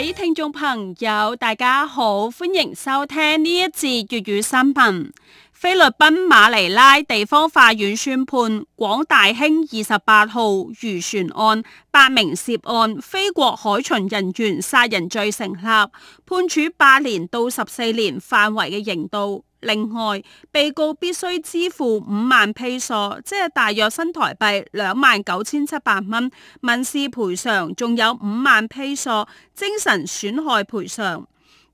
各位聽眾朋友，大家好，歡迎收聽呢一節粵語新聞。菲律賓馬尼拉地方法院宣判，廣大興二十八號漁船案八名涉案菲國海巡人員殺人罪成立，判處八年到十四年範圍嘅刑度。另外，被告必須支付五萬披索，即係大約新台幣兩萬九千七百蚊民事賠償50，仲有五萬披索精神損害賠償。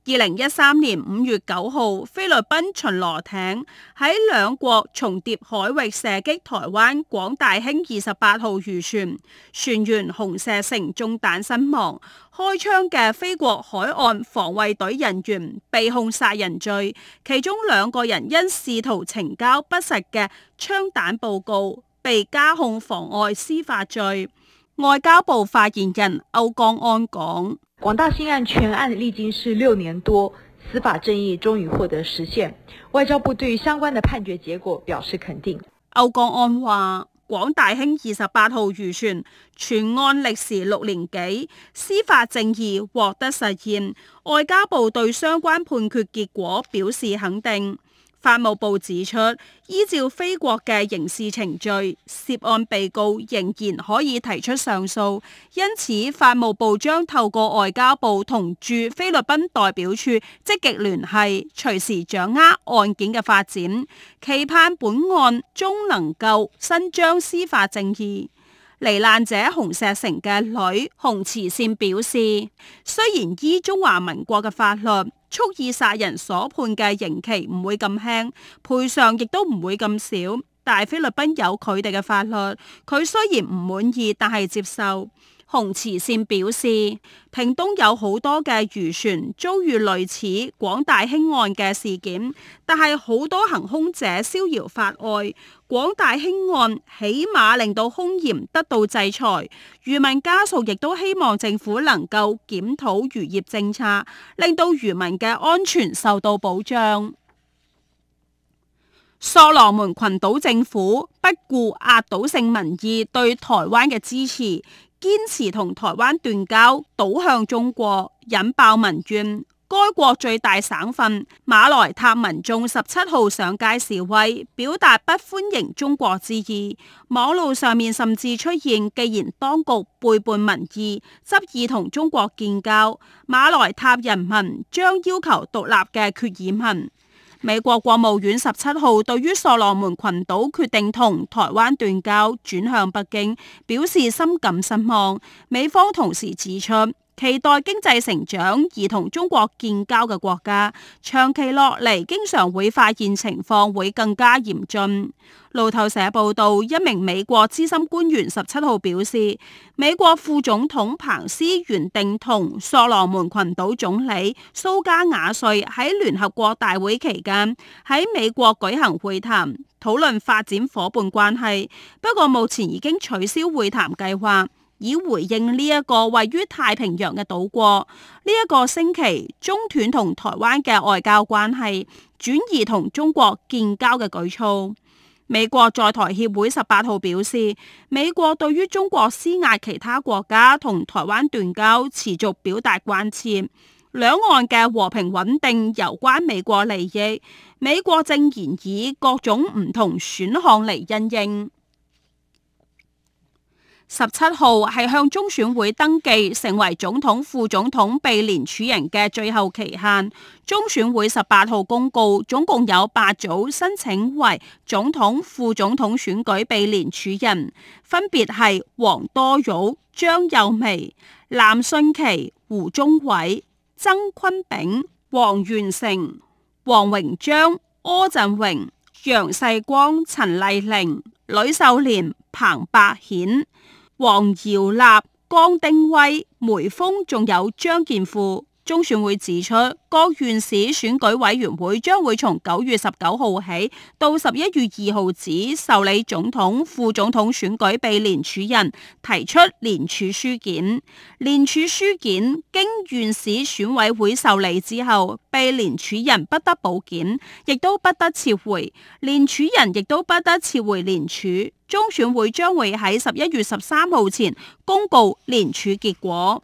二零一三年五月九號，菲律賓巡邏艇喺兩國重疊海域射擊台灣廣大興二十八號漁船，船員洪石成中彈身亡。開槍嘅菲國海岸防衛隊人員被控殺人罪，其中兩個人因試圖呈交不實嘅槍彈報告，被加控妨礙司法罪。外交部發言人歐江安講：廣大興案全案歷經是六年多，司法正義終於獲得實現。外交部對相關嘅判決結果表示肯定。歐江安話：廣大興二十八號漁船全案歷時六年幾，司法正義獲得實現。外交部對相關判決結果表示肯定。法務部指出，依照菲國嘅刑事程序，涉案被告仍然可以提出上訴，因此法務部將透過外交部同駐菲律賓代表處積極聯繫，隨時掌握案件嘅發展，期盼本案終能夠伸張司法正義。罹難者洪石成嘅女洪慈綪表示，雖然依中華民國嘅法律，蓄意殺人所判嘅刑期唔會咁輕，賠償亦都唔會咁少，但菲律賓有佢哋嘅法律，佢雖然唔滿意，但係接受。洪慈綪表示，屏東有好多嘅漁船遭遇類似廣大興案嘅事件，但係好多行凶者逍遙法外。廣大興案起碼令到凶嫌得到制裁，漁民家屬亦都希望政府能夠檢討漁業政策，令到漁民嘅安全受到保障。索羅門群島政府不顧壓倒性民意對台灣嘅支持。堅持同台灣斷交，倒向中國，引爆民怨。該國最大省份馬來塔民眾十七號上街示威，表達不歡迎中國之意。網路上面甚至出現，既然當局背叛民意，執意同中國建交，馬來塔人民將要求獨立嘅決議文。美國國務院十七號對於索羅門群島決定同台灣斷交轉向北京，表示深感失望。美方同時指出，期待經濟成長而同中國建交嘅國家，長期落嚟經常會發現情況會更加嚴峻。路透社報道，一名美國資深官員十七號表示，美國副總統彭斯原定同索羅門群島總理蘇加瓦瑞喺聯合國大會期間喺美國舉行會談，討論發展伙伴關係。不過，目前已經取消會談計劃。以回應呢一個位於太平洋嘅島國，呢、這、一個星期中斷同台灣嘅外交關係，轉移同中國建交嘅舉措。美國在台協會十八號表示，美國對於中國施壓其他國家同台灣斷交，持續表達關切。兩岸嘅和平穩定攸關美國利益，美國正然以各種唔同選項嚟因應，應。十七號係向中選會登記成為總統、副總統被聯署人嘅最後期限。中選會十八號公告，總共有八組申請為總統、副總統選舉被聯署人，分別係黃多玉、張幼薇、藍信琪、胡忠偉、曾坤炳、黃元成、黃榮章、柯振榮、楊世光、陳麗玲、呂秀蓮、彭伯顯。黃耀立、江丁威、梅峰，仲有張建富。中選會指出，各縣市選舉委員會將會從九月十九號起到十一月二號止受理總統、副總統選舉被連署人提出連署書件。連署書件經縣市選委會受理之後，被連署人不得補件，亦都不得撤回；連署人亦都不得撤回連署。中選會將會喺十一月十三號前公布連署結果。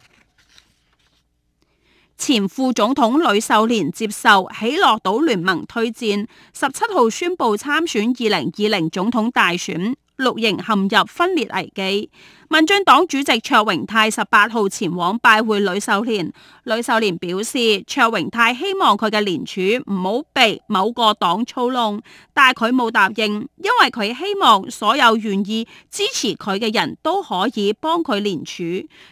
前副總統呂秀蓮接受喜樂島聯盟推薦，十七號宣布參選二零二零總統大選。綠營陷入分裂危機，民進黨主席卓榮泰十八號前往拜會呂秀蓮。呂秀蓮表示，卓榮泰希望佢嘅連署唔好被某個黨操弄，但係佢冇答應，因為佢希望所有願意支持佢嘅人都可以幫佢連署。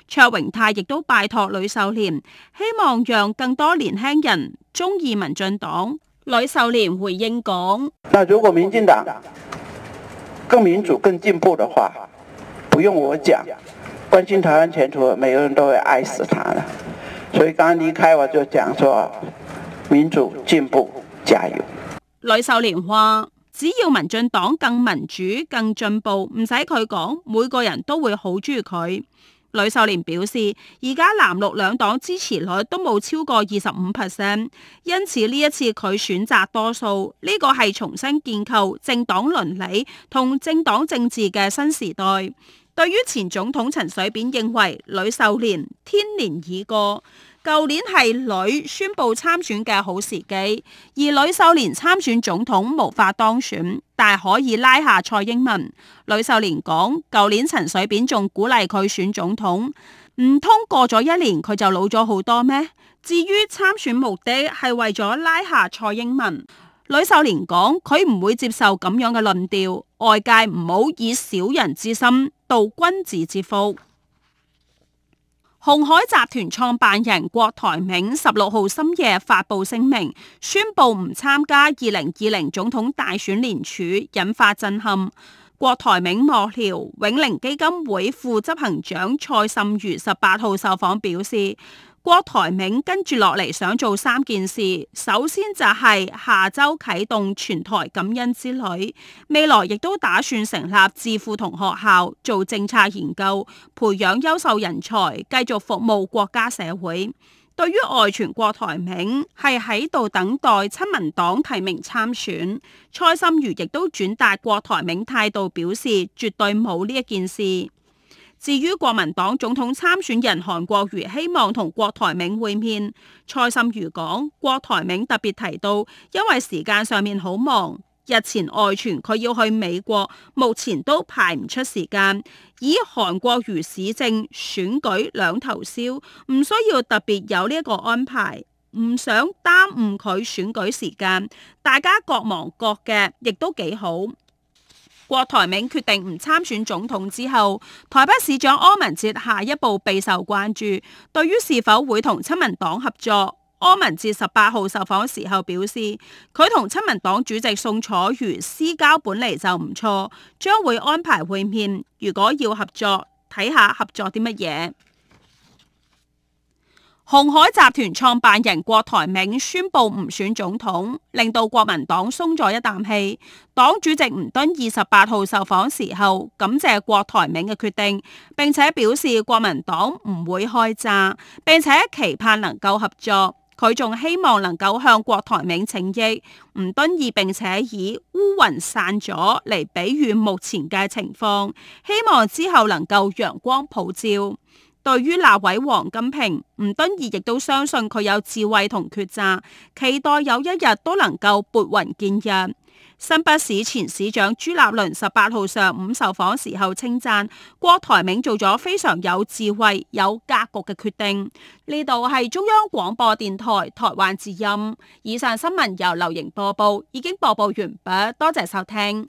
卓榮泰亦都拜託呂秀蓮，希望讓更多年輕人鍾意民進黨。呂秀蓮回應講：，如果民進黨更民主、更進步的話，不用我講，關心台灣前途，每個人都會愛死他的。所以剛剛離開我就講說：，做民主、進步，加油。呂秀蓮話：只要民進黨更民主、更進步，唔使佢講，每個人都會好鍾意佢。呂秀蓮表示，而家藍綠兩黨支持率都冇超過二十五 percent，因此呢一次佢選擇多數，呢、呢個係重新建構政黨倫理同政黨政治嘅新時代。對於前總統陳水扁認為呂秀蓮天年已過。舊年係女宣布參選嘅好時機，而呂秀蓮參選總統無法當選，但可以拉下蔡英文。呂秀蓮講：舊年陳水扁仲鼓勵佢選總統，唔通過咗一年佢就老咗好多咩？至於參選目的係為咗拉下蔡英文，呂秀蓮講佢唔會接受咁樣嘅論調，外界唔好以小人之心度君子之腹。鴻海集團創辦人郭台銘十六號深夜發布聲明，宣布唔參加二零二零總統大選連署，引發震撼。郭台銘幕僚永齡基金會副執行長蔡沁如十八號受訪表示。郭台銘跟住落嚟想做三件事，首先就係下周啟動全台感恩之旅，未來亦都打算成立智庫、同學校，做政策研究，培養優秀人才，繼續服務國家社會。對於外傳郭台銘係喺度等待親民黨提名參選，蔡心如亦都轉達郭台銘態度，表示絕對冇呢一件事。至於國民黨總統參選人韓國瑜希望同郭台銘會面，蔡沁如講，郭台銘特別提到，因為時間上面好忙，日前外傳佢要去美國，目前都排唔出時間。以韓國瑜市政選舉兩頭燒，唔需要特別有呢一個安排，唔想耽誤佢選舉時間，大家各忙各嘅，亦都幾好。郭台銘決定唔參選總統之後，台北市長柯文哲下一步備受關注。對於是否會同親民黨合作，柯文哲十八號受訪時候表示，佢同親民黨主席宋楚瑜私交本嚟就唔錯，將會安排會面。如果要合作，睇下合作啲乜嘢。鴻海集團創辦人郭台銘宣布唔選總統，令到國民黨鬆咗一啖氣。黨主席吳敦義十八號受訪時候，感謝郭台銘嘅決定，並且表示國民黨唔會開鍘，並且期盼能夠合作。佢仲希望能夠向郭台銘請益。吳敦義並且以烏雲散咗嚟比喻目前嘅情況，希望之後能夠陽光普照。對於那位黃金平，吳敦義亦都相信佢有智慧同抉擇，期待有一日都能夠撥雲見日。新北市前市長朱立倫十八號上午受訪時候，稱讚郭台銘做咗非常有智慧、有格局嘅決定。呢度係中央廣播電台台灣之音，以上新聞由劉瑩播報，已經播報完畢，多謝收聽。